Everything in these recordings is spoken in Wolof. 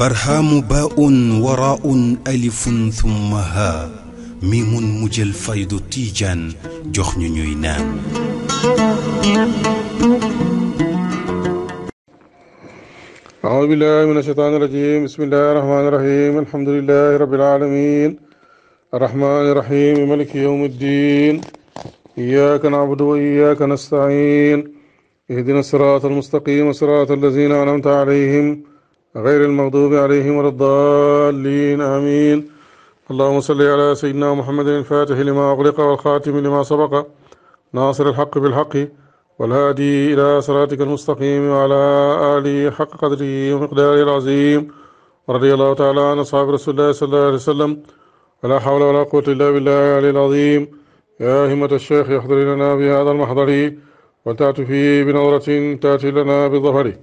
برهام باء وراء ألف ثم ها ميم فيض تيجان جخن نينان أعوذ بالله من الشيطان الرجيم بسم الله الرحمن الرحيم الحمد لله رب العالمين الرحمن الرحيم ملك يوم الدين إياك نعبد وإياك نستعين اهدنا الصراط المستقيم صراط الذين أنعمت عليهم غير المغضوب عليهم ولا الضالين آمين اللهم صل على سيدنا محمد الفاتح لما أغلق والخاتم لما سبق ناصر الحق بالحق والهادي إلى صراطك المستقيم وعلى آله حق قدره ومقداره العظيم رضي الله تعالى عن أصحاب رسول الله صلى الله عليه وسلم ولا حول ولا قوة إلا بالله العلي العظيم يا همة الشيخ يحضر لنا بهذا المحضر وتأتي فيه بنظرة تأتي لنا بالظفر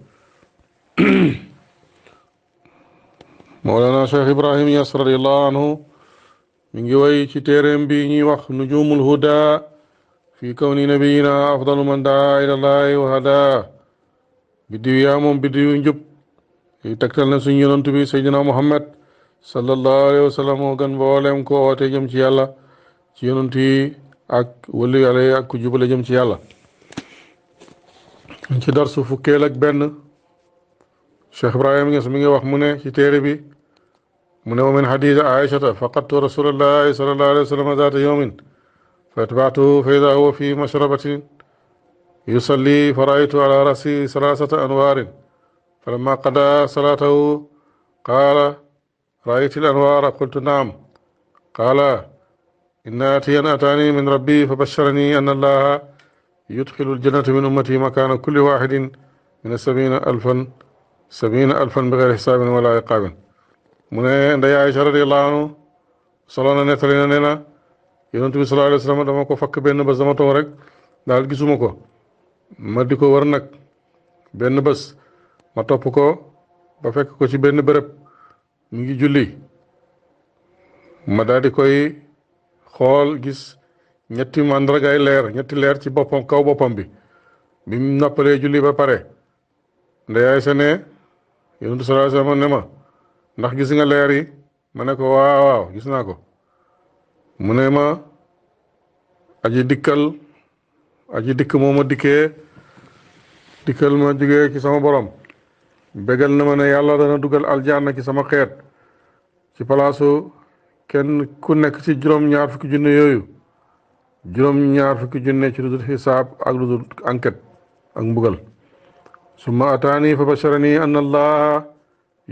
مولانا شيخ إبراهيم يسر رضي الله عنه من جوي تيرم بيني وخ نجوم الهدى في كون نبينا أفضل من دعا إلى الله وهداه بدي يامم بدي ينجب تكتلنا سنجنون أنت سيدنا محمد صلى الله عليه وسلم وغن بولم كواتي جمشي الله ci yàlla ak wëlu yàlla yi ak ku jubale jëm ci yàlla ci dar su fukkeel ak benn Cheikh Ibrahima Niass mi ngi wax mu ne ci téere bi mu ne wa min xadiisa aïchata faqadtu rasulallahi sallallahu alayhi wa sallam zaata yawmin fa atbaatuhu fa ida huwa fi mashrabatin yusalli fa raaytu ala rasi salaasata anwaarin fa lamma qada salaatahu qaala raaytil anwaara qultu naam qaala إن أتي أن أتاني من ربي فبشرني أن الله يدخل الجنة من أمتي مكان كل واحد من سبعين ألفا سبعين ألفا بغير حساب ولا عقاب mu ne ndey Aïcha radiyallahu anhu solo na nettali na nee na yonent bi sallallahu alayhi wa sallam dama ko fakk benn bés dama toog rek daal gisuma ko ma di ko war benn bés ma topp ko ba fekk ko ci benn bërëb mu ngi julli ma daal koy xool gis ñetti màndargay leer ñetti leer ci boppam kaw boppam bi bi mu nappalee julli ba pare ndeyaay sa ne yonentu sallallahu alayhi wasallam ne ma ndax gis nga leer yi ma ne ko waaw waaw gis naa ko mu ne ma aji dikkal aji dikk moo ma dikkee dikkal ma jógee ci sama borom bégal na ma ne yàlla dana dugal aljanna ci sama xeet ci palaasu kenn ku nekk ci juróom-ñaar fukki junne yooyu juróom-ñaar fukki junne ci lu dul xisaab ak lu dul enquête ak mbugal summa ataani fa basharani an allaha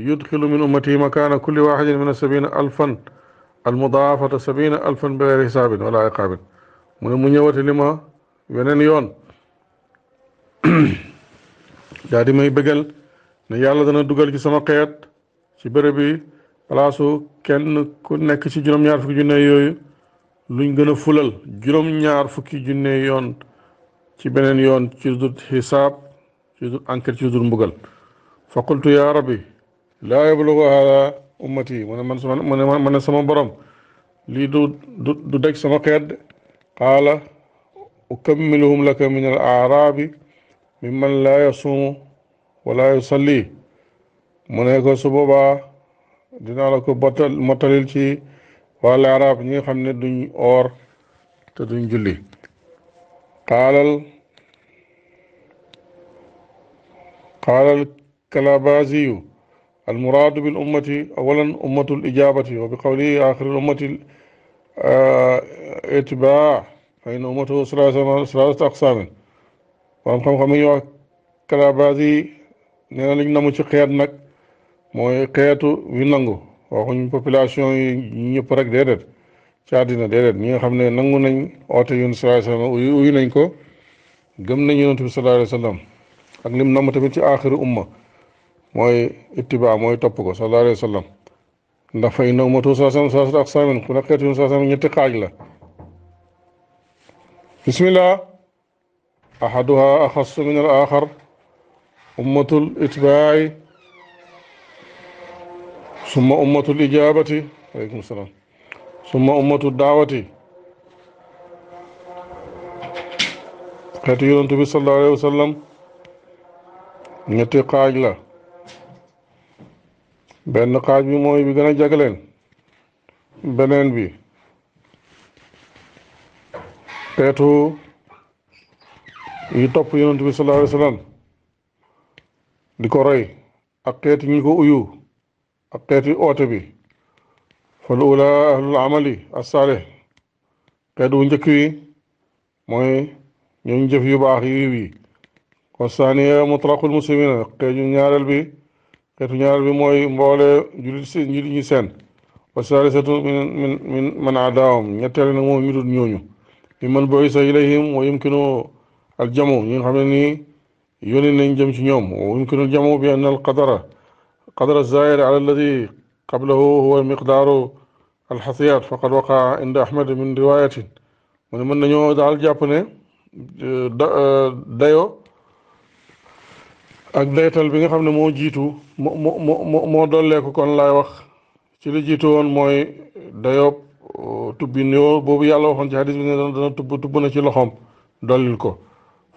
yudxilu min ummati makaana kulli waxidin min sabina alfan almudaafata sabina alfan bi geyri xisaabin wala iqaabin mu ne mu ñëwati li ma weneen yoon daa may bëggal ne yàlla dana dugal ci sama xeet ci bërëb palaasu kenn ku nekk ci juróom-ñaar fukki junne yooyu luñ gën a fulal juróom-ñaar fukki junne yoon ci beneen yoon ci dut xisaab ci dut enquête ci dut mbugal fa qultu ya rabbi laa yablugu hada ummati mu man sama mu ma sama borom lii du du daj sama xeet qaala ukammiluhum laka min al aarabi mimman laa yasuumu wa laa yusalli mu ko su boobaa dinaa la ko bottal mottalil ci wàllu arab ñi nga xam ne duñ oor te duñ julli qaalal qaalal kalabaziyu المراد بالأمة أولا أمة الإجابة وبقوله آخر الأمة اتباع فإن أمته ثلاثة أقسام وأم خم خمي وكلابازي نينا لجنا مشي قياد نك mooy xeetu wi nangu waxuñ population yi ñëpp rek déedéet ci àddina ñi nga xam ne nangu nañ oote yonent sallallahu alayhi wa nañ ko gëm nañ yonent bi sallallahu alayhi wa sallam ak lim namm tamit ci aaxiru umma mooy ittibaa mooy topp ko sallallahu alayhi wa sallam ndax fa inna ummatahu sallallahu alayhi wa sallam ku ne xeetu yonent sallallahu alayhi ñetti xaaj la bismillah ahaduha axassu min al axar ummatul itbaay summa ummatul ijabati aleykum salaam summa ummatul daawati xeetu yonent bi sallallahu ñetti xaaj la benn xaaj bi mooy bi gën a jagleen beneen bi xeetu yi topp yonent bi sallallahu di ko roy ak xeetu ñi ko uyu أقيتي أوتبي فالأولى أهل العمل الصالح قيد ونجكوي موي ينجف يباخي بي والثانية مطلق المسلمين قيد نيار البي قيد نيار بي موي مبالي جلد سين جلد نيسان والثالثة من من من من عداهم يتعلن موي ميرو نيونيو ممن بعث إليهم ويمكنوا الجمو ينخمني يوني ننجم شنيوم ويمكن الجمو بأن القدرة قدر الزائد على الذي قبله هو مقدار alxasiyaat faqad waqa inda ahmad min riwayatin mu ne mën nañoo daal jàpp ne dayo ak daytal bi nga xam ne moo jiitu moo moo moo dolleeku kon laay wax ci li jiitu woon mooy dayoob tubbi nuyoo boobu yàlla waxoon ci hadis bi ne dana tubb tubb na ci loxoom dollil ko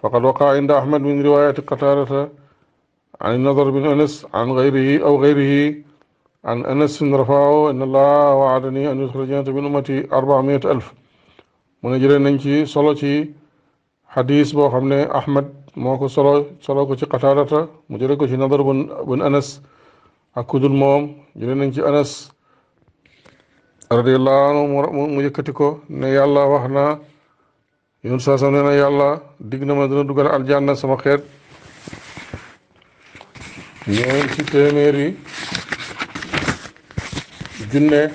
faqad waqa inda ahmad min riwayati qatarata عن النضر بن أنس عن غيره أو غيره عن أنس رفعه إن الله وعدني أن يدخل الجنة من أمتي أربعمائة ألف من جري ننجي صلتي حديث بو خمني أحمد موكو صلو صلو كو قتادة مجري كو نضر بن, بن أنس أكود الموم جري ننجي أنس رضي الله عنه مجكتكو ني الله وحنا يونس صلى الله عليه وسلم يالا دغنا ما دنا دوغال الجنه سما خير ñeenti téeméeri junne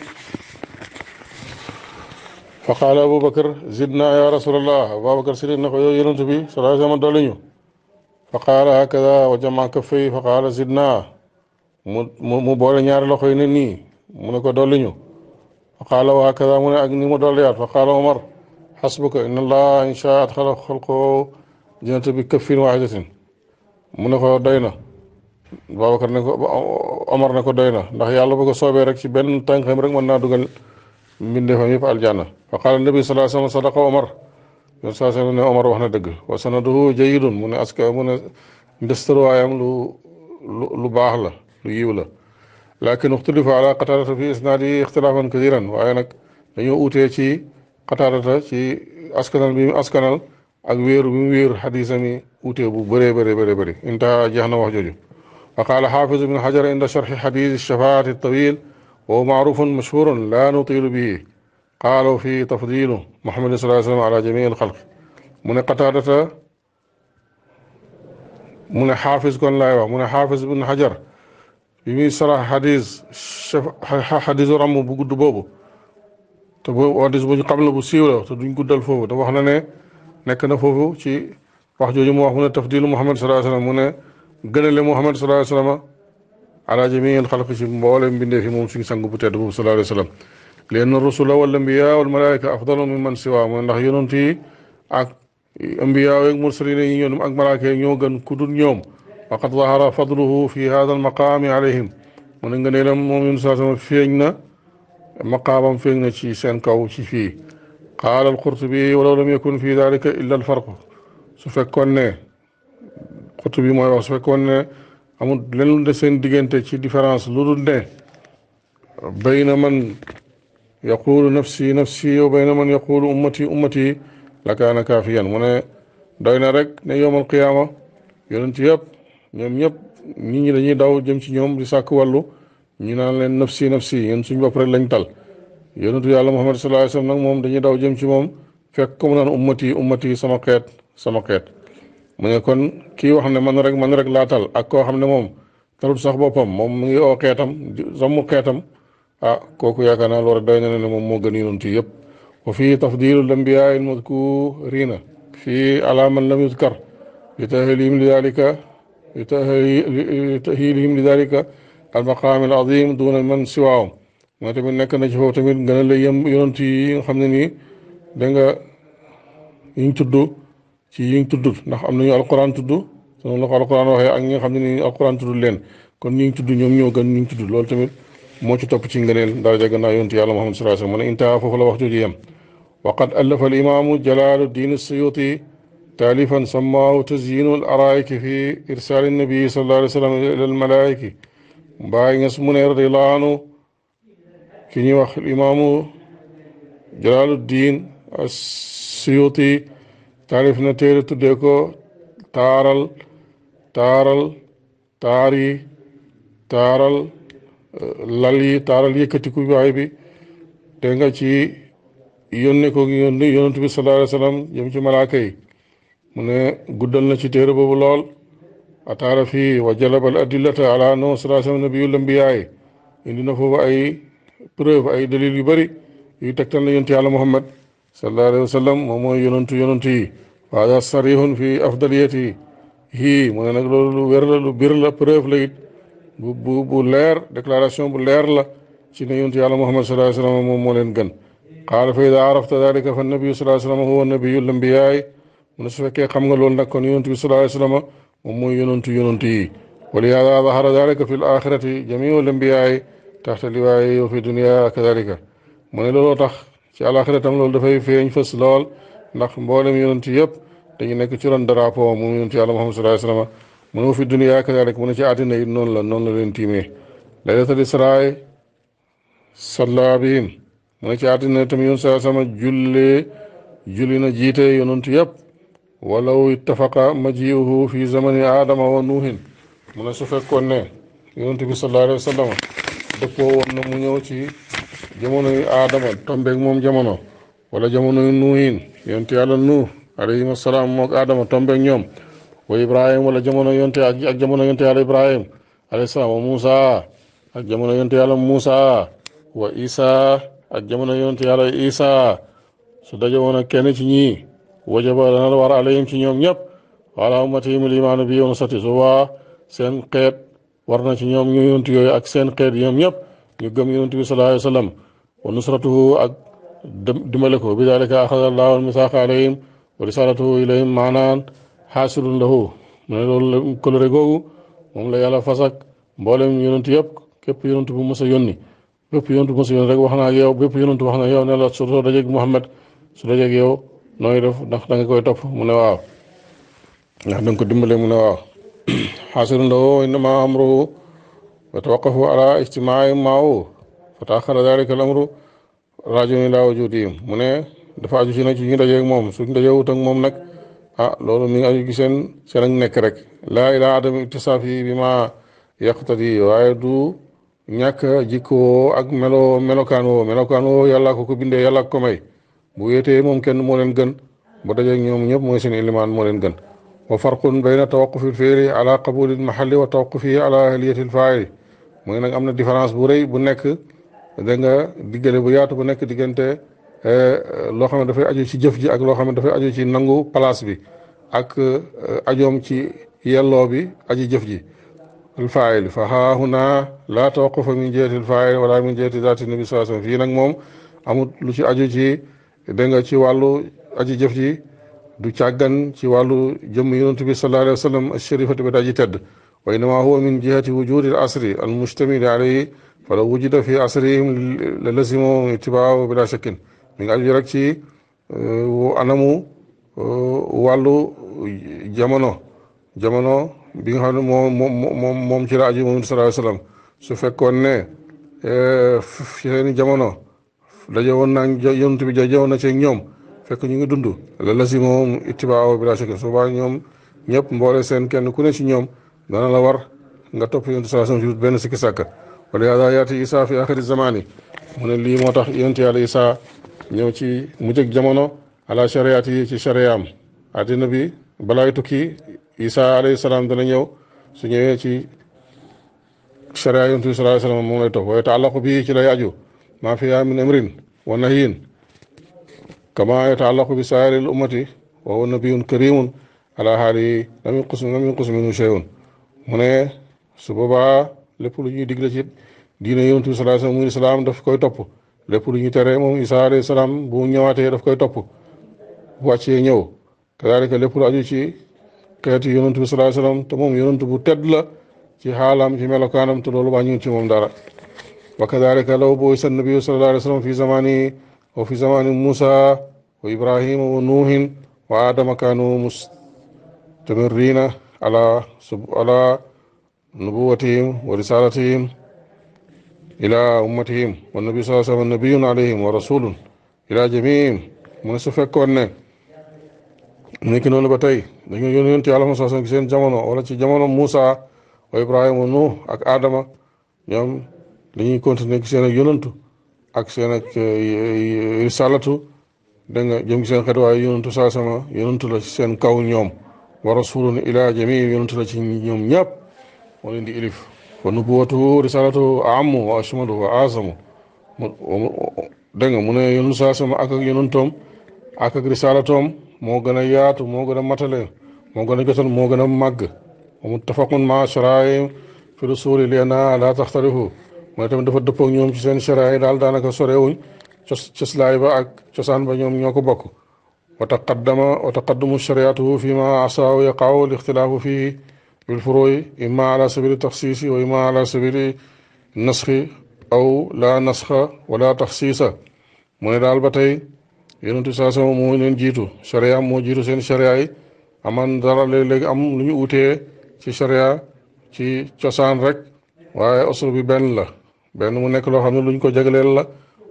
fa qaala abubakar zidna ya rasulallah abubakar sidik na ko yow bi salaa sama dolli ñu fa qaala hakada wa jamaa fa qaala zidna mu mu boole ñaari loxo yi ne nii ko dolli ñu fa qaala wa hakada mu ne ak ni mu dolliyaat fa qaala omar xasbuka inna allah insha adxala xalqoo jannata bi kaffin waaxidatin mu ne ko doy na Babacar ne ko Omar ne ko doy na ndax yàlla bu ko soobee rek ci benn tànkam rek mën naa dugal mbindeefam yëpp aljanna fa qaala nabi sallallahu alayhi wa sallam sadaqa Omar yoon saa Omar wax na dëgg wa sanaduhu jayyidun mu ne aska mu ne ndëstërwaayam lu baax la lu yiw la lakin uxtulifa ala qataadata fi isnaad yi ixtilaafan kasiran waaye nag dañoo uutee ci qataadata ci askanal bi mu askanal ak wéeru bi mu wéeru xadiisam yi uutee bu bëree bëree bëri bëri jeex na wax jooju فقال حافظ بن حجر عند شرح حديث الشفاعة الطويل وهو معروف مشهور لا نطيل به قالوا في تفضيل محمد صلى الله عليه وسلم على جميع الخلق من قتادة من حافظ كن لا من حافظ بن حجر bi muy sarax xadis xadisu ràmm bu gudd boobu te bu xadis bu ñu xam la bu siiw la te duñ guddal foofu te wax na ne nekk na foofu ci wax jooju mu wax mu ne tafdilu Muhammad sallallahu alayhi wa sallam mu ne gënale muhammad sallallahu alayhi wasallam sallam ala jamii alxalq ci mboolem mbindee fi mom suñu sang bu tedd boobu sallallahu alayhi wasallam sallam leen rusula wal anbiya wal malaika afdalu min man siwa mo ndax yonenti ak anbiya ak mursalina yi ñoom ak malaika ñoo gën ku dul ñoom waqad zahara fadluhu fi hadha al maqam alayhim mo ne nga ne la moom sallallahu alayhi wasallam sallam feeñ na maqaamam feeñ na ci seen kaw ci fii qaala alqurtubi walaw lam yakun fi dalika illa alfarq su xutub mooy wax su fekkoon ne amul lenn de seen diggante ci différence lu dul ne na man yaqulu nafsi nafsi bay bayna man yaqulu ummati ummati lakaana kaafiyan mu ne doy na rek ne yowmal qiyaama yonent yëpp ñoom ñëpp nit ñi dañuy daw jëm ci ñoom di sàkk wàllu ñu naan leen nafsi nafsi yéen suñ bopp rek lañ tal yonentu yàlla muhammad sallallahu alayhi nag moom dañuy daw jëm ci moom fekk ko mu naan ummati ummati sama xeet sama xeet mu ne kon kii wax ne man rek man rek laa tal ak koo xam ne moom talut sax boppam moom mu ngi oo xeetam sammu xeetam ah kooku yaakaar naa loolu doy na ne moom moo gën yonent yi yëpp wa fii tafdilu lambiyaa il mazkurina fii ala man lam yuzkar li tahlihim li dalika li tahlihim li dalika al maqaam al azim duna man siwaahum moo tamit nekk na ci foofu tamit gënal la yem yonent yi nga xam ne nii da nga yiñ tudd ci yiñ tuddut ndax am nañu alquran tudd te noonu la ko alquran waxee ak ñi nga xam ne ni alquran tudd leen kon ñi ñu tudd ñoom ñoo gën ñu tudd loolu tamit moo ci topp ci ngëneel daraja gannaaw yontu yàlla Muhammad sallallahu alayhi wa sallam mu ne intaha foofu la wax jooju yem waqad allafa al imaamu jalaaluddin suyuti taalifan sammaahu tazyinu al araiki fi irsaali nabii sallallahu alayhi wa sallam ila al malaayiki mbaay nges mu ne radiyallahu anhu ki ñuy wax imaamu jalaaluddin taalif na téere tuddee ko taaral taaral taari taaral lal yi taaral yëkkatiku waay bi dégg nga ci yónne ko yónni yonent bi sallallahu alayhi wa sallam ci malaaka yi mu ne guddal na ci téere boobu lool ataara fii wa jalabal adillata ala no sallallahu alayhi wa sallam nabiyul anbiyaay foofu ay preuve ay dalil yu bëri yu tegtal na yonent yàlla Muhammad sallallahu alayhi wa sallam moom mooy yonantu yonantu yi waaja sarihun fi afdaliyati yi mu ne nag loolu lu wér la lu bir la preuve la it bu bu bu leer déclaration bu leer la ci ne yonantu yàlla muhammad sallallahu alayhi wa sallam moom moo leen gën qaala fa ida arafta dalika fa nabiyu sallallahu alayhi wa sallam huwa nabiyu lambiyaay mu ne su fekkee xam nga loolu nag kon yonantu bi sallallahu alayhi wa sallam moom mooy yonantu yonantu yi ولهذا ظهر ذلك في الآخرة جميع الأنبياء تحت لواء وفي الدنيا كذلك من لو تخ ci àlaxira tam loolu dafay feeñ fës lool ndax mboolem yonent yëpp dañu nekk ci ron drapeau moom yonent yàlla Muhammad sallallahu alayhi wa sallam mu ne fi duniyaa kadalik mu ne ci àddina yi noonu la noonu la mu ne ci àddina tam yonent sallallahu alayhi jullee julli na jiite yonent yëpp walaw ittafaqa majiuhu fi zamani aadama wa nuuhin mu ne su fekkoon ne yonent bi sallallahu alayhi wa sallam mu ñëw ci jamono yu tombe ak mom jamono wala jamono yu nuuhin yonte Nu. alayhi assalam mok adama tombe ak ñom wa ibrahim wala jamono yonte ak jamono yonte yalla ibrahim alayhi assalam wa musa ak jamono yonte yalla musa wa isa ak jamono yonte yalla isa su daje woon ak kenn ci ñi wajaba lan war alayhim ci ñom ñep wala ummatihim al imaanu bi yoon sati sen xet warna ci ñom ñu yonte yoy ak sen xet ñom ñep ñu gëm a bi sallallahu alayhi wa sallam wa nusratuhu ak dimbale ko bi dalika axada allahu almisaaqa alayhim wa risalatuhu ilayhim maanaan xaasilun lahu mu ne loolu coloré la yàlla fasak mboolem yonent yëpp képp yonent bu mos a yónni bépp yonent bu mos a yónni rek wax naa ak yow bépp yonent wax na yow ne la soo dajeeg Muhammad su dajeeg yow nooy def ndax da nga koy topp mu ne waaw ndax da nga ko dimbale mu ne waaw xaasilun lahu innama amruhu وتوقفوا على اجتماع معه فتأخر ذلك الأمر راجعون إلى وجودهم mu ne dafa aju si nag suñu dajeeg moom suñu dajewut ak moom nag ah loolu mi ngi aju gi seen seen ak nekk rek laa ilaa adami ittisaafi bi ma yaqtadi waaye du ñàkk jikkoo ak melo melokaan woo melokaan woo yàlla ko ko bindee yàlla ko may bu wéetee moom kenn moo leen gën bu dajeeg ñoom ñëpp mooy seen ilimaan moo leen gën wa farqun bayna tawaqufi alfiili ala qabuli almahalli wa tawaqufihi ala ahliyati alfaili mooy nag am na différence bu rëy bu nekk da nga diggale bu yaatu bu nekk diggante eh, loo xam ne aju ci jëf ji ak loo xam ne dafay aju ci nangu place bi ak eh, ajoom ci yelloo bi aji jëf ji alfaayil fa haahuna laa tawqufa min jeeti alfaayil wala min jeeti daati nabi saa fii nag moom amul lu ci aju ci dégg nga ci wàllu aji jëf ji du càggan ci wàllu jëmm yonent bi sallallahu alayhi wa sallam ashérifati ba daji tedd وإنما هو من جهة وجود العصر المشتمل عليه فلو وجد في عصرهم للزموا اتباعه بلا شك من أجل ركشي آه، وأنمو آه، والو جمنو جمنو بيها موم شراء جمع صلى الله عليه وسلم سفكون ني آه، فيهن جمنو لجوانا ينتبه جوانا شين يوم فكون يوم دندو للزموا اتباعه بلا شك سوبا يوم نيب مبارسين كأنه كنش يوم dana la war nga topp yonent saa sam si benn sikki sàkk wala yàlla yaati Isa mu ne lii moo tax yonent yàlla Isa ci mujjëg jamono ala yi ci balaay tukki Isa alayhi salaam dana ñëw su ñëwee ci charia yonent bi sallallahu alayhi wasallam moom lay topp waaye taallaqu bii ci lay aju maa fi min amrin wa nahyin kama yataallaqu bi saa'iril ummati wa huwa nabiyyun karimun ala haalihi lam yanqus minhu shay'un mu ne su boobaa lépp lu ñuy digle ci diine yonent bi sallallahu alayhi wa sallam daf koy topp lépp lu ñuy tere moom Isa alayhi salaam bu ñëwaatee daf koy topp bu wàccee ñëw kadaalika lépp lu aju ci xeeti yonent bi sallallahu alayhi wa sallam te moom yonent bu tedd la ci xaalaam ci melokaanam te loolu wàññiwul ci moom dara wa kadaalika law bu'isa nabiyyu sallallahu alayhi wa sallam fi zamani wa fi Musa wa Ibrahima wa Nuuhin wa Adama kaanu mustamiriina على على نبوتهم ورسالتهم wa أمتهم والنبي صلى الله عليه وسلم نبي عليهم ورسول إلى جميع من سفك ونك nekk noonu ba tey dañu yónni yàlla Muhammad sallallahu alayhi wasallam ci seen jamono wala ci jamono Moussa wa Ibrahima Nuux ak Adama ñoom dañuy continuer ki seen ak yonantu ak seen ak eh, risalatu dégg nga jëm seen xeet waaye yonantu sallallahu ci seen kaw ñoom wa rasulun ila jamii yonent la ci ñoom ñëpp moo leen di ilif wa nubuwatuhu risalatuhu aammu wa ashmalu wa aazamu dégg nga mu ne yonent saa sama ak ak yonentoom moo gën a yaatu moo gën a matale moo gën a jotal moo gën a màgg wa muttafaqun ma sharaay fi rasuli li anna la taxtarifu mu ne tamit dafa dëppoog ñoom ci seen sharaay daal daanaka sorewuñ cos coslaay ba ak cosaan ba ñoom ñoo ko bokk وتقدم وتقدم شريعته فيما عصى ويقع الاختلاف فيه بالفروع إما على سبيل التخصيص وإما على سبيل النسخ أو لا نسخ ولا تخصيص من دال باتاي يونتو ساسو مو نين جيتو شريعه مو جيتو سين شريعه امان دار لي لي ام لي اوتي سي شريعه سي تشوسان رك واي اصول بي بن لا بن مو نيك لو خامني لو نكو جاغلال لا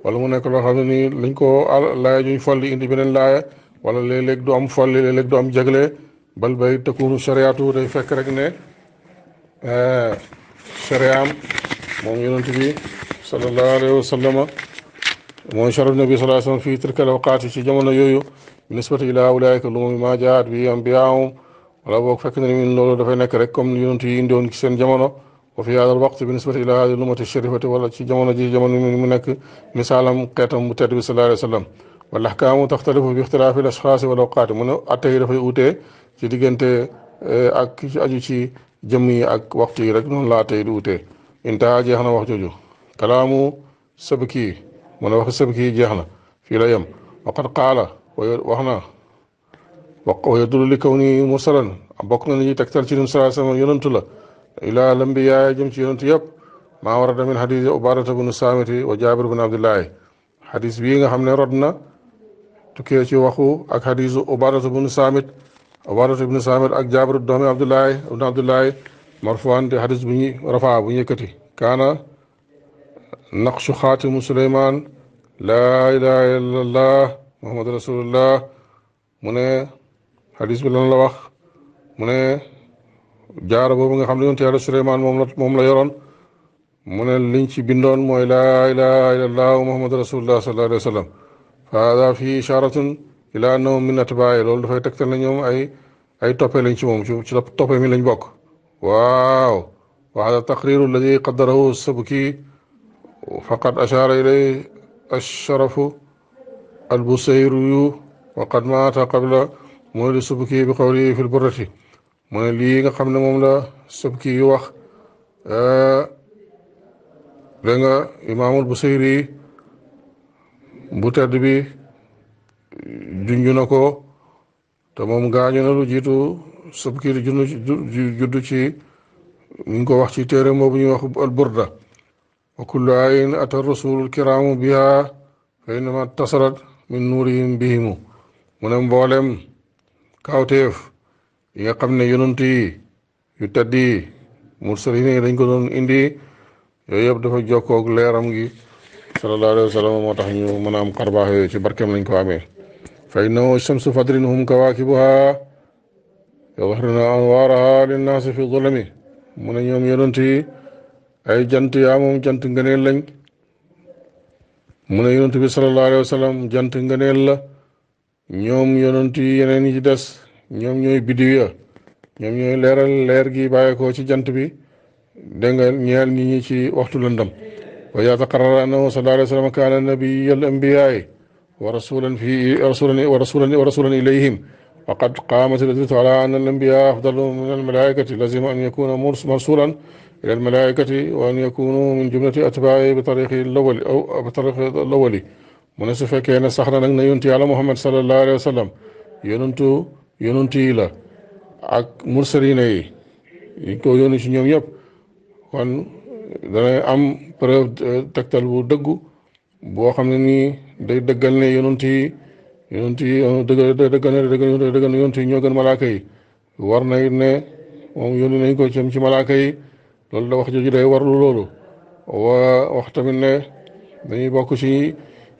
ولا مو نيك لو خامني لنكو لا جوي فولي اندي بنن لايه wala léeg-léeg du am folli léeg-léeg du am jagle bal bay tëkkuunu sariyaatu day fekk rek ne eh, sariyaam moom yonent bi sallallahu alayhi wa sallama mooy sharaf nabi sallallahu alayhi tilka alawqaati ci jamono yooyu nisbati ila ulaayika lu mu ma jaat bi ambiyaahum wala boog fekk ne ni loolu dafay nekk rek comme yonent yi ci seen jamono wa fi haadal waqt bi nisbati ila haadi lumati sharifati wala ci jamono ji jamono mi mu nekk misaalam xeetam mu tedd bi sallallahu alayhi wa sallam wala axkaamu taxtalifu bi ixtilaafi l asxaasi wal awqaati mu ne atte yi dafay utee ci diggante eh, ak aju ci jëmm yi ak waxtu yi rek noonu la atte yi di utee intaha jeex na wax jooju kalaamu sabki mu ne wax sabki jeex na fii la yem waqad qaala wax na wa yadullu li kawni mursalan bokk na li ñuy tegtal ci nim salaa sallam yonantu la ilaa lambiyaa jëm ci yonantu yëpp maa warada min xadis ubaadata bnu saamiti wa jaabir bnu abdillahi xadis bii nga xam ne rod na tukkee ci waxu ak hadisu ubaadatu bnu saamit ubaadatu bnu saamit ak jaabiru doomi abdullahi ibnu abdullahi marfuwaan di hadis bu rafaa bu ñu yëkkati naqshu xaatimu suleymaan laa ilaha illa allah muhammadu rasulullah mu bi lan la wax mu ne jaaro boobu xam ne yonent yàlla suleymaan moom la moom la yoroon mu ne liñ ci bindoon mooy laa ilaha illa allah muhammadu rasulullah sallallahu alayhi wa فهذا في إشارة إلى أنه من أتباع لول دفاي تكتل نيوم أي أي توبي لنش موم شو توبي من بوك واو وهذا التقرير الذي قدره السبكي فقد أشار إليه الشرف البصيري وقد مات قبل مول السبكي بقوله في البرة من لي خمنا السبكي يوخ أه إمام البصيري bu tedd bi junj ko te moom gaañu na lu jiitu subkir junn juddu ci mu ko wax ci téere boobu ñuy wax al burda wa kullu ayin ata rasul kiraamu biha fa innama tasarat min nuurihim bihimu mu ne mboolem kawteef yi nga xam ne yonent yi yu yi dañ ko doon indi yooyu yëpp dafa jokkoog leeram gi sallallahu alayhi wa sallam moo tax ñu mën a am xarbaax yooyu ci barkeem lañ ko amee fa innahu shamsu fadrin hum kawaakibuha yudhhirna anwaaraha linnaasi fi zulami mu ay jant yaa moom jant ngëneel lañ mu ne yonent bi sallallahu alayhi wa sallam jant la ñoom yonent yi yeneen yi ci des ñoom ñooy biddiw ya leer gi bàyyeekoo ci jant bi dégg nga ñeel nit ñi ci waxtu lëndam وإذا تقرر أنه صلى الله عليه وسلم كان نبي الأنبياء ورسولا في رسولا ورسولا ورسولا إليهم وقد قامت الأدلة على أن الأنبياء أفضل من الملائكة لازم أن يكون مرسولا إلى الملائكة وأن يكونوا من جملة أتباعه بطريق الأول أو بطريق الأول مناسفة كان سحرا أن ينتي على محمد صلى الله عليه وسلم yonantu يننتي إلى مرسلين ak mursalina yi yi ko yónni ci ñoom preuve tegtal bu dëggu boo xam ne nii day dëggal ne yonent yi yonent yi euh, dëgg dëggal ne dëggal ne yonent yi ñoo gën malaaka yi war na it ne moom yónni nañ ko ci malaaka yi loolu da wax jooju day warlu loolu wa wax tamit ne dañuy bokk ci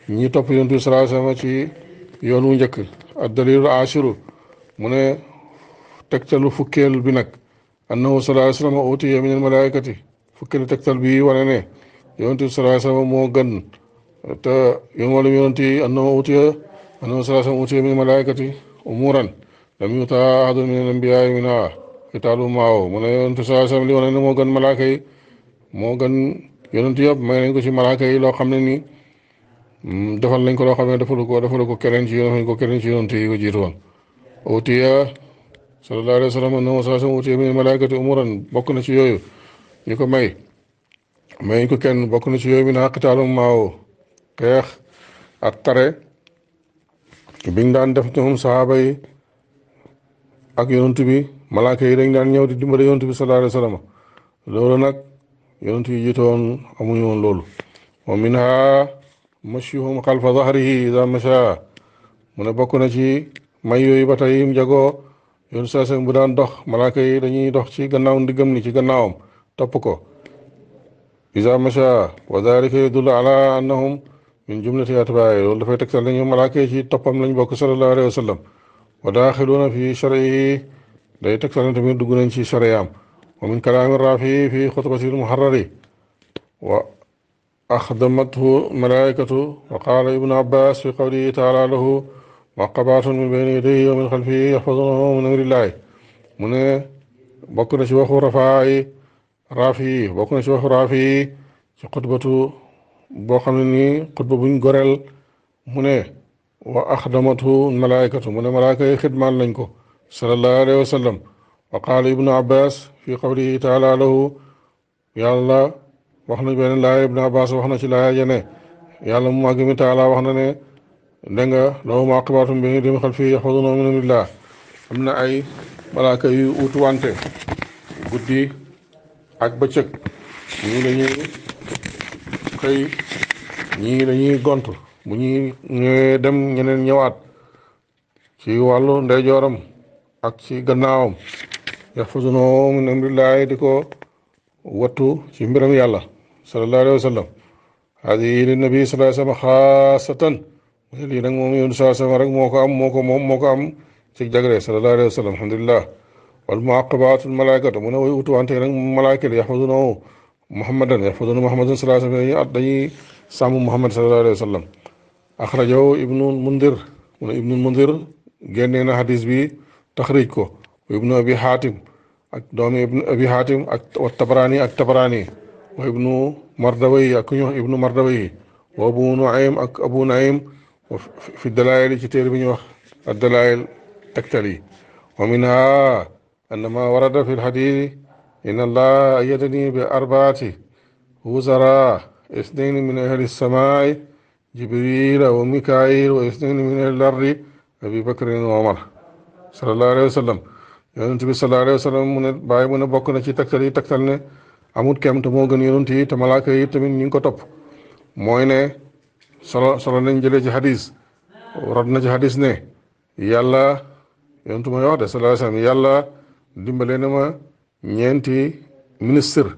ñi topp yonent bi sallallahu alayhi wa sallam ci yoon wu njëkk ad dalilu ashiru mu ne tegtalu fukkeel bi nag annahu sallallahu alayhi wa sallam utiya min al malaikati fukkeelu tegtal bi wane ne yonent bi sallallahu alayhi wa sallam moo gën te yoon wala yi annama utiya annama sallallahu alayhi wa sallam utiya min malaikati umuran li wane ne moo gën malaaka moo gën yonent yëpp may nañ ko ci malaaka yi loo xam ne nii mm, defal nañ ko loo xam ne defalu ko defalu ko keneen ci yonent ko keneen ci yonent yi ko jiitu woon a sallallahu alayhi wa sallam annama sallallahu alayhi wa sallam utiya min malaikati umuran bokk na ci yooyu ñu ko may may ko kenn bokk na ci yooyu bi naa xitaalum maawo xeex ak xare biñ daan def ñoom saxaaba yi ak yonent bi malaaka yi dañ daan ñëw di dimbale yonent bi sallallahu alayhi loolu nag yonent yi jiite woon amuñu woon loolu wa minha mashihum xalfa zahrihi ida masha mu ne bokk na ci may yooyu ba tey mu jagoo yoon saa bu daan dox malaaka yi dañuy dox ci gannaaw ndiggam ni ci gannaawam topp ko إذا مشى وذلك يدل على أنهم من جملة أتباعه ولا في تكثر لن يوم العكيش تقوم لن يبقى صلى الله عليه وسلم وداخلون في شرعه لا يتكثر لن تمير دقنا في شرعهم ومن كلام الرافي في خطبة المحرر وأخدمته ملائكة وقال ابن عباس في قوله تعالى له مقبات من بين يديه ومن خلفه يحفظونه من أمر الله من بكر شبه رفاعي rafi bokk na ci waxu raafi ci xutbatu boo xam ne nii xutba buñ goreel mu ne wa axdamatu malaayikatu mu ne yi xidmaal nañ ko salallahu alayhi wa wa qaala ibnu abbas fi qawlihi taala lahu yàlla wax na benn laaya ibnu abbas wax na ci laaya ja ne yàlla mu màgg taala wax ne dégg nga lahum aqibatum bi dim xal fii min amrillah am ay malaaka yu utuwante guddi ak bëccëg ñii dañuy xëy ñii dañuy gontu bu ñuy dem ñeneen ñëwaat ci wàllu ndeyjooram ak ci gannaawam yaxfasunoo min amrillaahi di ko wattu ci mbiram yàlla sallallahu alayhi wa sallam hadiyi li nabi sallallahu alayhi wa xaasatan mu ne lii nag moom yoonu sallallahu alayhi rek moo ko am moo ko moom moo ko am ci jagre sallallahu alayhi wa sallam alhamdulillah wal muaqabatul malaikatu mu ne way utu wante nag malaayka li yaxfaduna muhammadan yaxfaduna muhammadan salaa sallam dañuy at dañuy sàmm muhammad sallallahu alayhi wa sallam axrajahu ibnu mundir mu ne ibnu mundir génnee na xadis bi taxrij ko ibnu abi xaatim ak doomi ibnu abi xaatim ak wa tabarani ak tabarani wa ibnu mardawayi ak ku ñuy wax ibnu mardawayi wa abu nuaym ak abu nuaym fi dalaayil ci téere bi ñu wax ad dalaayil tegtal yi wa minha أن ما ورد في الحديث إن الله أيدني بأربعة وزراء اثنين من أهل السماء جبريل وميكائيل واثنين من أهل الأرض أبي بكر وعمر صلى الله عليه وسلم يونس بي صلى الله عليه وسلم من باي من بوكو نتي تكتلي تكتلني أموت كام تمو غن يونتي تملاك يتمين نينكو توب موي ني صلى الله عليه وسلم ورد نجي حديث ني يالا يونتو ما صلى الله عليه وسلم يالا dimbale na ma ñeenti ministre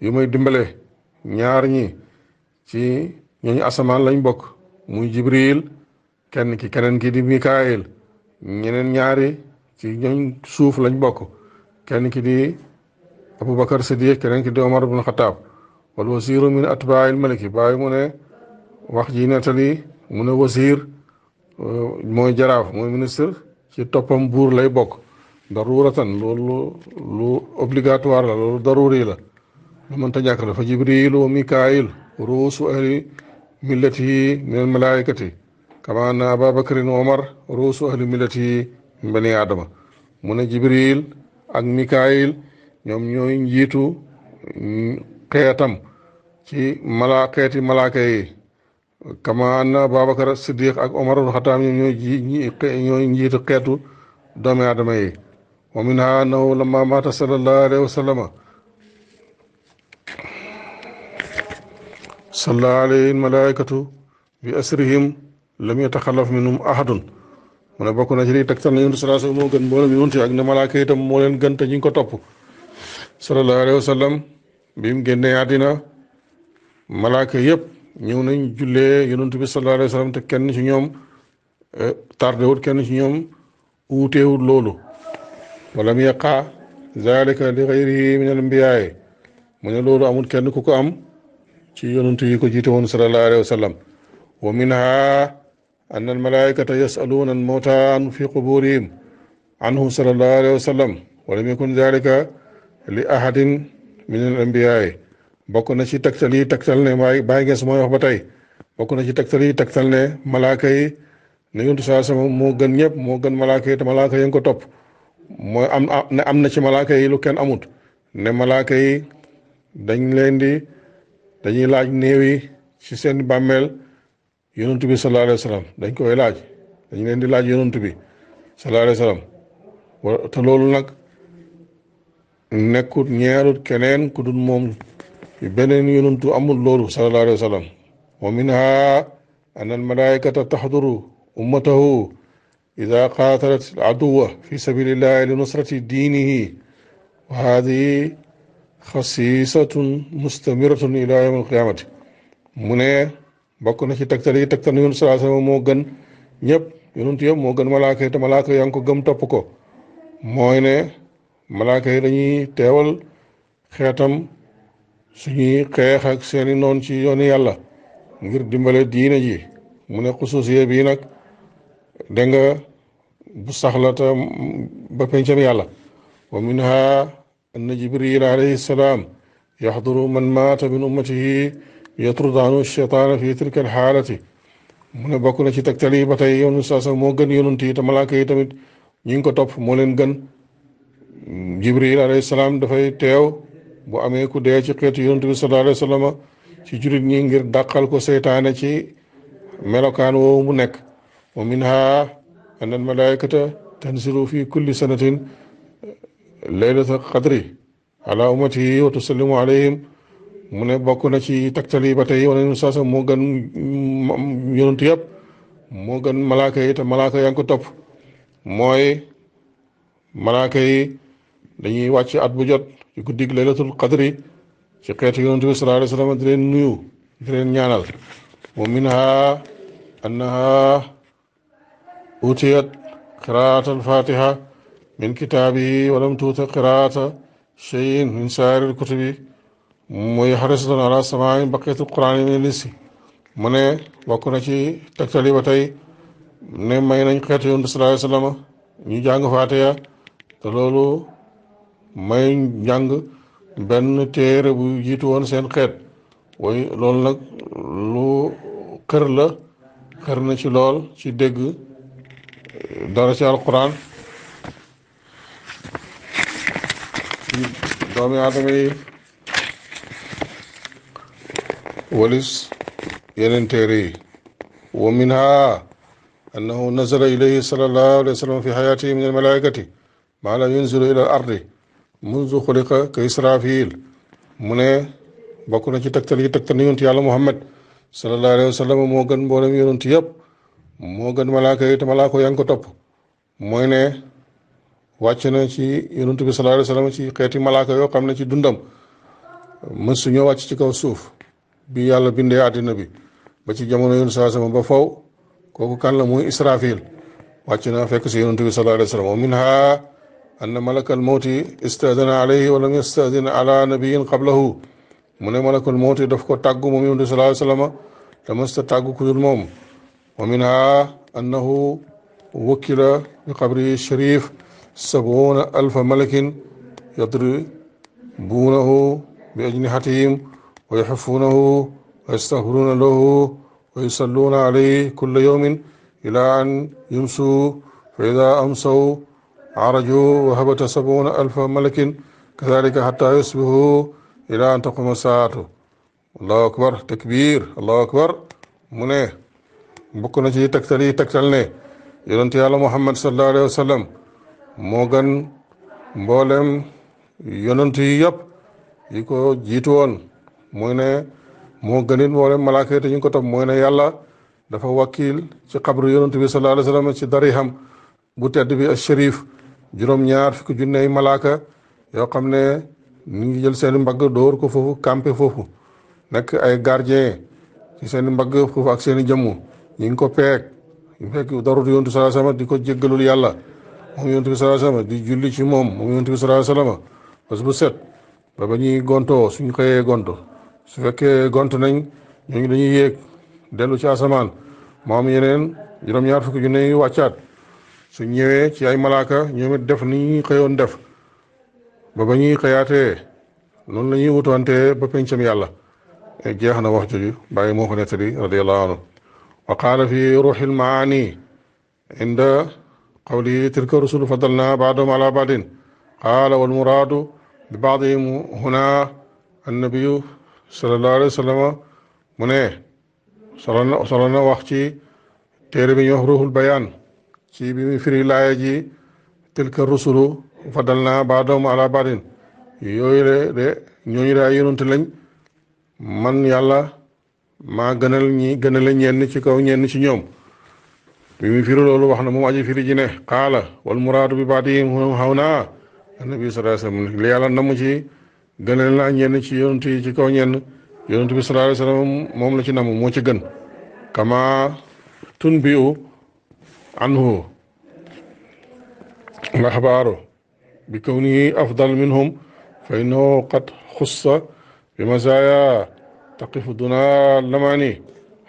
yu may dimbale ñaar ñi ci ñooñu asamaan lañ bokk muy jibril kenn ki keneen ki di mikaayil ñeneen ñaari ci ñooñ suuf lañ bokk kenn ki di abubakar siddiq keneen ki di omar ibn xataab wal wasiru min atbaa'il maliki bàyyi mu ne wax ji nettali mu ne wasir euh, mooy jaraaf mooy ministre ci toppam buur lay bokk daruratan loolu lu obligatoire la daruri la lu mënta ñàkk la fa jibril wa mikail ruusu ahli millati min al malaikati kama anna ababakrin omar ruusu ahli millati min bani adama mu ne jibril ak mikail ñoom ñooy njiitu mm, xeetam ci mala xeeti malaaka yi kama anna ababakar siddiq ak omar xataam ñoom ñooy njiitu xeetu doomi adama yi wa minha annahu lamma maata sallallahu alayhi wa sallama salla alayhi almalaikatu bi asrihim lam yataxallaf minhum ahadun mu ne bokk na ci liy tegtal na yonent sallallahu alayhi moo gën mboolem yonent yi ak ne malaaka itam moo leen gën te ñu ngi ko topp sallallahu alayhi wa sallam bi mu génnee àddina malaaka yëpp ñëw nañ jullee yonent bi sallallahu alayhi te kenn ci ñoom eh, tardewut kenn ci ñoom wuuteewut loolu ولم يقع ذلك لغيره من الانبياء من لولو امول كين كوكو ام تي يونتي كو جيتو ون صلى الله عليه وسلم ومنها ان الملائكه يسالون الموتى في قبورهم عنه صلى الله عليه وسلم ولم يكن ذلك لاحد من الانبياء بوكو نسي تكتلي تكتل ني باي غيس موي وخ باتاي بوكو نسي تكتلي تكتل ني ملائكه ني يونتو صلى الله عليه وسلم مو غن ييب مو غن ملائكه ملائكه ينكو توب mooy am ne am na ci malaaka yi lu kenn amut ne malaaka yi dañ leen di dañuy laaj néew yi ci seen bàmmeel yonent bi sallallahu dañ koy laaj dañ leen di laaj yonent bi sallallahu alayhi wa sallam loolu nag nekkut ñeerut keneen ku dul moom beneen yonent amul loolu sallallahu alayhi wa sallam wa minha an al taxduru ummatahu إذا قاتلت العدو في سبيل الله لنصرة دينه وهذه خصيصة مستمرة إلى يوم القيامة mu ne bokk na ci tegtal yi tegtal na yonent sallallahu moo gën ñëpp yonent yëpp moo gën malaaka yi te malaaka yaa ngi ko gëm topp ko mooy ne malaaka yi dañuy teewal xeetam suñuy xeex ak seeni noon ci yoonu yàlla ngir dimbale diine ji mu ne xusuusiye bii nag dégg nga bu saxla te ba pencam yàlla wa minha anna jibril alayhi salaam yaxduru man maata min ummatihi yatrudaanu cheytaana fi tilka alxaalati mu ne bokk ci tegtal yi ba tey yoonu saasa moo gën yonent yi te malaaka yi tamit ñi ngi ko topp moo leen gën jibril alayhi salaam dafay teew bu amee ku dee ci xeetu yonent bi sallallahu ci jurit ñi ngir dàqal ko seytaane ci melokaan woowu mu nekk wa minha an al malaikata tanzilu fi kulli sanatin laylata qadri ala ummatihi wa tusallimu alayhim mu ne bokk na ci tegtal yi ba tey wane saasa moo gën yonent yëpp moo gën malaaka yi te malaaka yaa ngi ko topp mooy malaaka yi dañuy wàcc at bu jot ci guddig laylatul qadri ci xeetu yonent bi sallallahu alayhi nuyu di leen ñaanal wa minha annaha أوتيت قراءة الفاتحة من كتابه ولم توت قراءة شيء من سائر mooy ويحرص على سماع بقية القرآن من الإنس mu ne bokk na ci tegtali ba tey ne may nañ xeetu yoon bi sallallahu alayhi wasallam ñu jàng faatiha te loolu may njàng benn téere bu jiitu woon seen xeet way loolu nag lu xër la xër na ci lool ci dégg درس القرآن دومي آدمي ولس يننتري ومنها أنه نزل إليه صلى الله عليه وسلم في حياته من الملائكة ما لا ينزل إلى الأرض منذ خلق كإسرافيل من بكون تكتل تكتل نيونتي على محمد صلى الله عليه وسلم موغن بولم ينتيب moo gën malaaka yi te malaaka yaa ngi ko topp mooy ne wàcc na ci yonent bi sallallahu ci xeeti malaaka yoo xam ne ci dundam mës su ñoo wàcc ci kaw suuf bi yàlla bindee àddina bi ba ci jamono yonent sallallahu alayhi ba faw kooku kan la muy israfil wàcc na fekk si yonent bi sallallahu alayhi wasallam wa minha anna malakal mawti istadana alayhi wa lam yastadin ala nabiyin qablahu mu ne malakal mawti daf ko tàggu moom yonent sallallahu alayhi te mës ta tàggu ku ومنها أنه وكل بقبره الشريف سبعون ألف ملك يضربونه بأجنحتهم ويحفونه ويستغفرون له ويصلون عليه كل يوم إلى أن يمسوا فإذا أمسوا عرجوا وهبت سبعون ألف ملك كذلك حتى يصبحوا إلى أن تقوم الساعة الله أكبر تكبير الله أكبر منيه bokk na ci tegtal yi tegtal ne yonent yàlla muhammad sallallahu alayhi wa sallam mboolem yonent yi yëpp yi ko jiitu woon muy ne moo gënit mboolem malaaka yi te ñu ko topp mooy ne yàlla dafa wakiil ci xabru yonent bi sallallahu alayhi wa sallam ci dariham bu tedd bi ak shérif juróom-ñaar fukki junney malaaka yoo xam ne ñu ngi jël seeni mbagg door ko foofu campé foofu nekk ay gardien ci seen mbagg foofu ak seen i ñu ngi ko peeg bu fekk darut yontu salaa salama di ko jéggalul yàlla moom yontu bi salaa salama di julli ci moom moom yontu bi salaa salama parce que bu set ba ba ñuy gontoo suñ xëyee gonto su fekkee gont nañ ñu ngi dañuy yéeg dellu ci asamaan moom yeneen juróom-ñaar fukki junne yi wàccaat su ñëwee ci ay malaaka ñoom def ni xëyoon def ba ba ñuy xëyaatee noonu lañuy ñuy ba pencam yàlla jeex na wax jooju bàyyi moo ko nettali radiyallahu anhu وقال في روح المعاني عند قوله تلك الرسل فضلنا بعضهم على بعض قال والمراد ببعضهم هنا النبي صلى الله عليه وسلم من صلنا صلنا وقتي تير من يهره البيان تيبي من فري لا يجي تلك الرسل فضلنا بعضهم على بعض يوري ري نيوني راي نونت من ي maa gënal ñi gënal ñenn ci kaw ñenn ci ñoom bi mu firi loolu wax na moom aji firi ji ne xaala wal muraadu bi baatihim xaw na annabi sallallahu alayhi wasallam li ci gënal naa ci yonent yi ci kaw ñenn yonent bi sallallahu alayhi wasallam moom la ci namu moo ci gën kama tun biu anhu la xabaaru bi kawnihi afdal minhum fa innahu qad xussa bi masaaya تقف دنا اللماني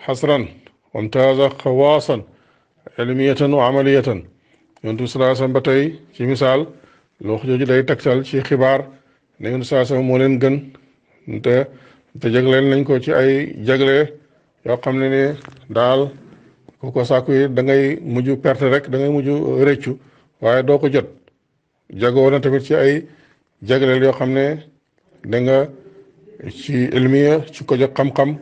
حصرا وامتاز خواصا علمية وعملية yonent bi salaa sallam ba tey ci misaal loo wax jooju day tegtal ci xibaar ne yonent salaa sallam moo leen gën te te jagleel nañ ko ci ay jagle yoo xam ne ne daal koko ko sàkku yi da ngay mujj perte rek da ngay mujj rëccu waaye doo ko jot jagoo na tamit ci ay jagleel yoo xam ne da nga ci ilmiya ci ko jag xam-xam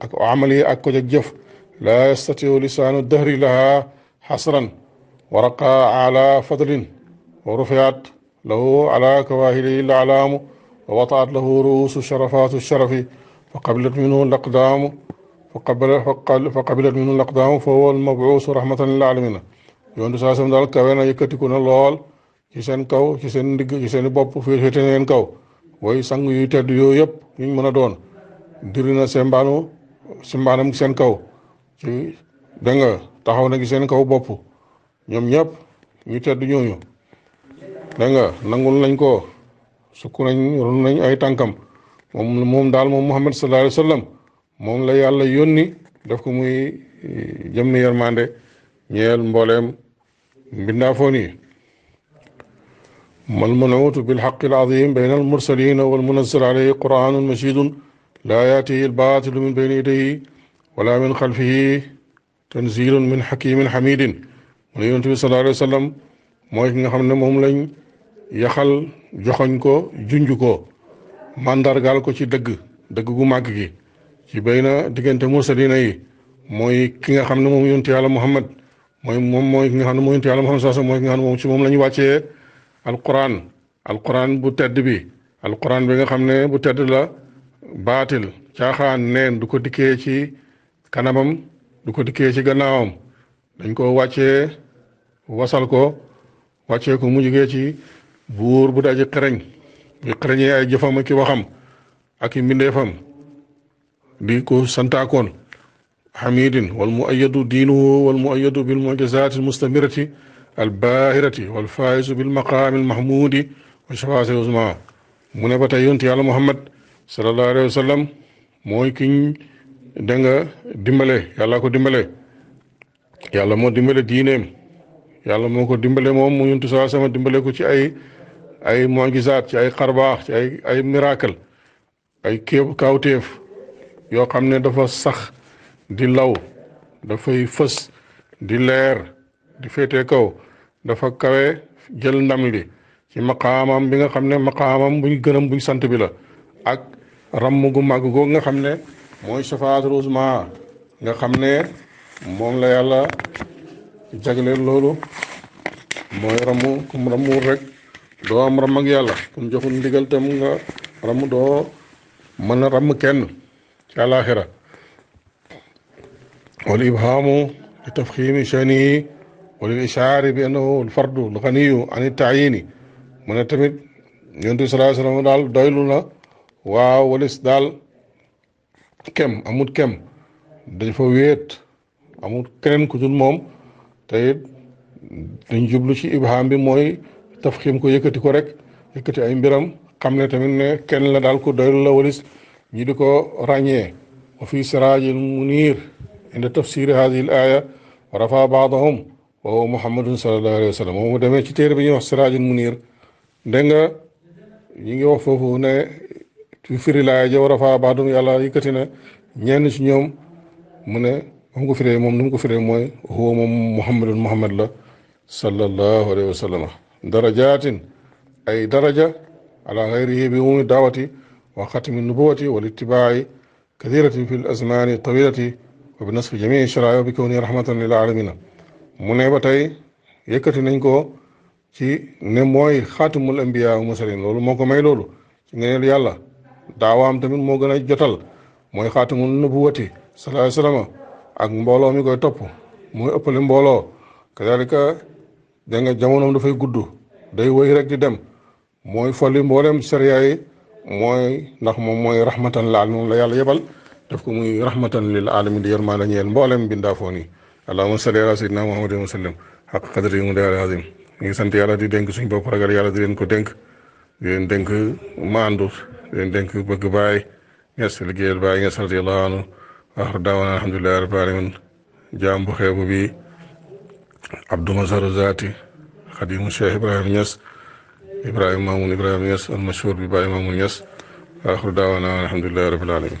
ak amali ak ko لسان jëf la yastatiu lisaanu dahri laha xasran ورقى على فضل ورفعت له على كواهله الأعلام ووطعت له رؤوس الشرفات الشرف فقبلت منه الأقدام فقبل فقبلت منه الأقدام فهو المبعوث رحمة للعالمين يوند صلى الله عليه وسلم دال كوينا يكتكون اللول ci seen kaw ci seen ndigg ci seen bopp kaw woy sang yu tedd yooyu yëpp ñu mën a doon diri na seen mbaanu si mbaanam seen kaw ci nga taxaw na gi seen kaw bopp ñoom ñëpp ñu tedd ñooñu dégg nga nangul nañ ko sukk nañ run nañ ay tànkam moom daal moom Muhammad sallallahu alayhi wa sallam moom la yàlla yónni def ko muy eh, jëm ni yermande ñeel mbooleem mbindaafoon yi والمنعوت بالحق العظيم بين المرسلين والمنزل عليه قرآن مجيد لا يأتيه الباطل من بين يديه ولا من خلفه تنزيل من حكيم حميد ونبي صلى الله عليه وسلم موك نخمنا مهم لن يخل جخنكو جنجكو من دار قالكو چي دق دق قو ماكي چي بين دقين تمرسلين اي موك نخمنا مهم ينتي على محمد موك نخمنا مهم ينتي على محمد صلى الله عليه وسلم موك نخمنا مهم لن يواجه alquran alquran bu tedd bi alquran bi nga xam ne bu tedd la baatil caaxaan neen du ko dikkee ci kanamam du ko dikkee ci gannaawam dañ ko wàccee wasal ko wàccee ko mu jugee ci buur bu daji xereñ bu xereñee ay jëfam ak i waxam ak i mbindeefam di ko santaakoon xamidin wal mu ayadu diinuhu wal mu ayadu bil mujizaati mustamiraati albaahirati wal faayisu bil maqaami al mahmuudi wa shafaatil uzma mu ne ba tey yontu yàlla Muhammad sallallahu alayhi wa sallam mooy kiñ da nga dimbale yàlla ko dimbale yàlla moo dimbale diineem yàlla moo ko dimbale moom mu yontu sallallahu alayhi wa sallam dimbale ko ci ay ay mujizaat ci ay xarbaax ci ay ay miracle ay kéeb kawteef yoo xam ne dafa sax di law dafay fës di leer di féetee kaw dafa kawe jël ndam li ci maqaamam bi nga xam ne maqaamam buñ gërëm buñ sant bi la ak ramm gu màgg googu nga xam ne mooy shafaatul uzma nga xam ne moom la yàlla jagleel loolu mooy ramu kum ramu rek doo am ram ak yàlla kum joxul ndigal tam nga ramu doo mën a ramm kenn ci àlaxira wal ibhaamu li tafxiimi shani وللإشعار بأنه الفرد الغني عن التعيين من التمد يونتي صلى الله عليه وسلم دايلونا واو وليس دال كم أمود كم دايفو ويت أمود كرن كتون موم تايد طيب، دنجبلوشي إبهام بموي تفخيم كو يكتي كوريك يكتي أي مبرم قمنا تمنى كن لدال كو دايلونا وليس نيدكو رانيه وفي سراج المنير عند تفسير هذه الآية ورفع بعضهم wa huwa muhammadun sallallahu alayhi wa sallam moom mu demee ci téere bi ñuy wax siraajul munir dégg nga ñu ngi wax foofu ne ci firi laay ja war a faa baax yàlla yëkkati na ñenn si ñoom mu ne moom ko firee moom nu mu ko firee mooy huwa moom muhammadun muhammad la sallallahu alayhi wa sallam darajaatin ay daraja ala gayrihi bi umumi daawati wa xatimi nubuwati wal ittibaa'i kathiratin fi al azmani tawilati wa bi nasfi jamii sharaaya wa bi kawni rahmatan lil alamina mu ne ba tey yëkkati nañ ko ci ne mooy xaatimul ambiya musalin loolu moo ko may loolu ci ngeneel yàlla daawaam tamit moo gën a jotal mooy xaatimul nubuwati sallallahu alayhi wasallam ak mbooloo mi koy topp mooy ëppale mbooloo kadalika da nga jamonoom dafay gudd day wëy rek di dem mooy folli mbooleem sariya yi mooy ndax moom mooy rahmatan laal moom la yàlla yebal def ko muy rahmatan li alamin di yërmaa la ñeel mbooleem bindaafoon yi allahumma salli ala sayyidina muhammadin wa sallim xaq qadri mu dee alazim ñu ngi sant yàlla di dénk suñ bopp ragal yàlla di leen ko dénk di leen dénk maandu di leen dénk bëgg baay ñes liggéeyal baay ñes radiyallahu anhu waaxru daawana alhamdulillahi rabbil alamin jaam bu bi abdu masaru zaati xadimu cheikh ibrahima ñes ibrahima mamoun ibrahima ñes almashhur bi baay mamoun ñes waaxru daawana alhamdulillahi rabbil alamin